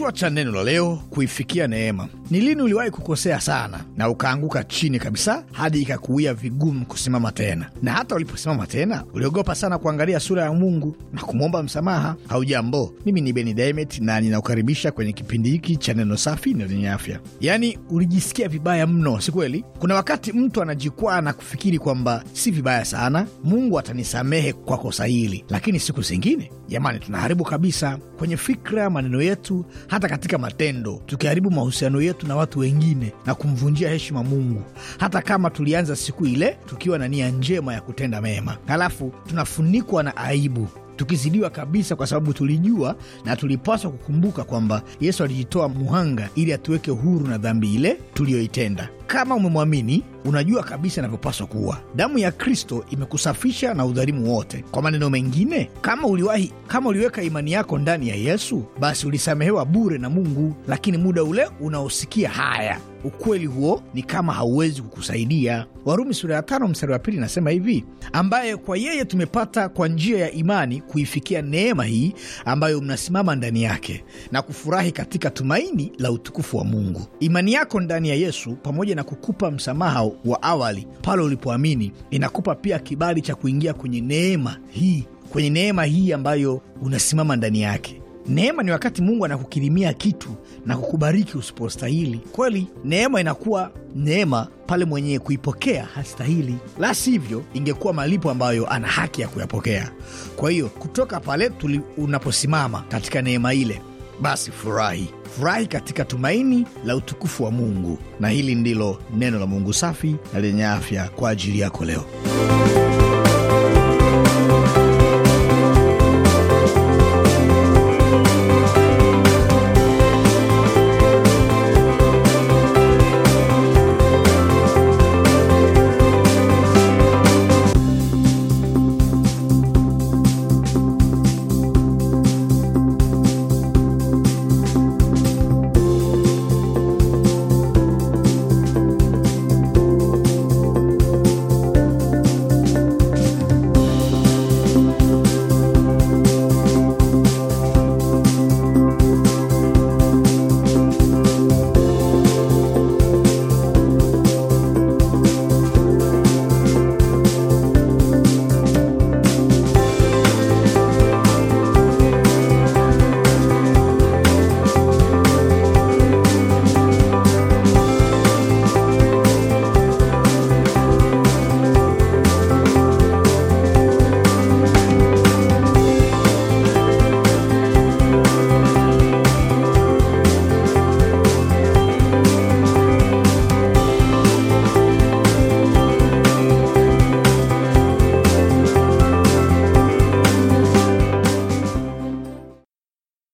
Kichwa cha neno la leo: kuifikia neema. Ni lini uliwahi kukosea sana na ukaanguka chini kabisa hadi ikakuwia vigumu kusimama tena, na hata uliposimama tena uliogopa sana kuangalia sura ya Mungu na kumwomba msamaha? Haujambo, mimi ni Beni Dimet na ninakukaribisha kwenye kipindi hiki cha neno safi na lenye afya. Yaani ulijisikia vibaya mno, si kweli? Kuna wakati mtu anajikwaa na kufikiri kwamba si vibaya sana, Mungu atanisamehe kwa kosa hili, lakini siku zingine, jamani, tunaharibu kabisa kwenye fikra, maneno yetu, hata katika matendo, tukiharibu mahusiano yetu kwetu na watu wengine na kumvunjia heshima Mungu, hata kama tulianza siku ile tukiwa na nia njema ya kutenda mema. Halafu tunafunikwa na aibu tukizidiwa kabisa, kwa sababu tulijua na tulipaswa kukumbuka kwamba Yesu alijitoa muhanga ili atuweke huru na dhambi ile tuliyoitenda kama umemwamini unajua kabisa inavyopaswa kuwa. Damu ya Kristo imekusafisha na udhalimu wote. Kwa maneno mengine, kama uliwahi, kama uliweka imani yako ndani ya Yesu, basi ulisamehewa bure na Mungu. Lakini muda ule unaosikia haya, ukweli huo ni kama hauwezi kukusaidia. Warumi sura ya tano mstari wa pili inasema hivi, ambaye kwa yeye tumepata kwa njia ya imani kuifikia neema hii ambayo mnasimama ndani yake na kufurahi katika tumaini la utukufu wa Mungu. Imani yako ndani ya Yesu pamoja na kukupa msamaha wa awali pale ulipoamini, inakupa pia kibali cha kuingia kwenye neema hii, kwenye neema hii ambayo unasimama ndani yake. Neema ni wakati Mungu anakukirimia kitu na kukubariki usipostahili. Kweli neema inakuwa neema pale mwenyewe kuipokea hastahili, la sivyo ingekuwa malipo ambayo ana haki ya kuyapokea. Kwa hiyo kutoka pale tuli, unaposimama katika neema ile basi furahi, furahi katika tumaini la utukufu wa Mungu. Na hili ndilo neno la Mungu safi na lenye afya kwa ajili yako leo.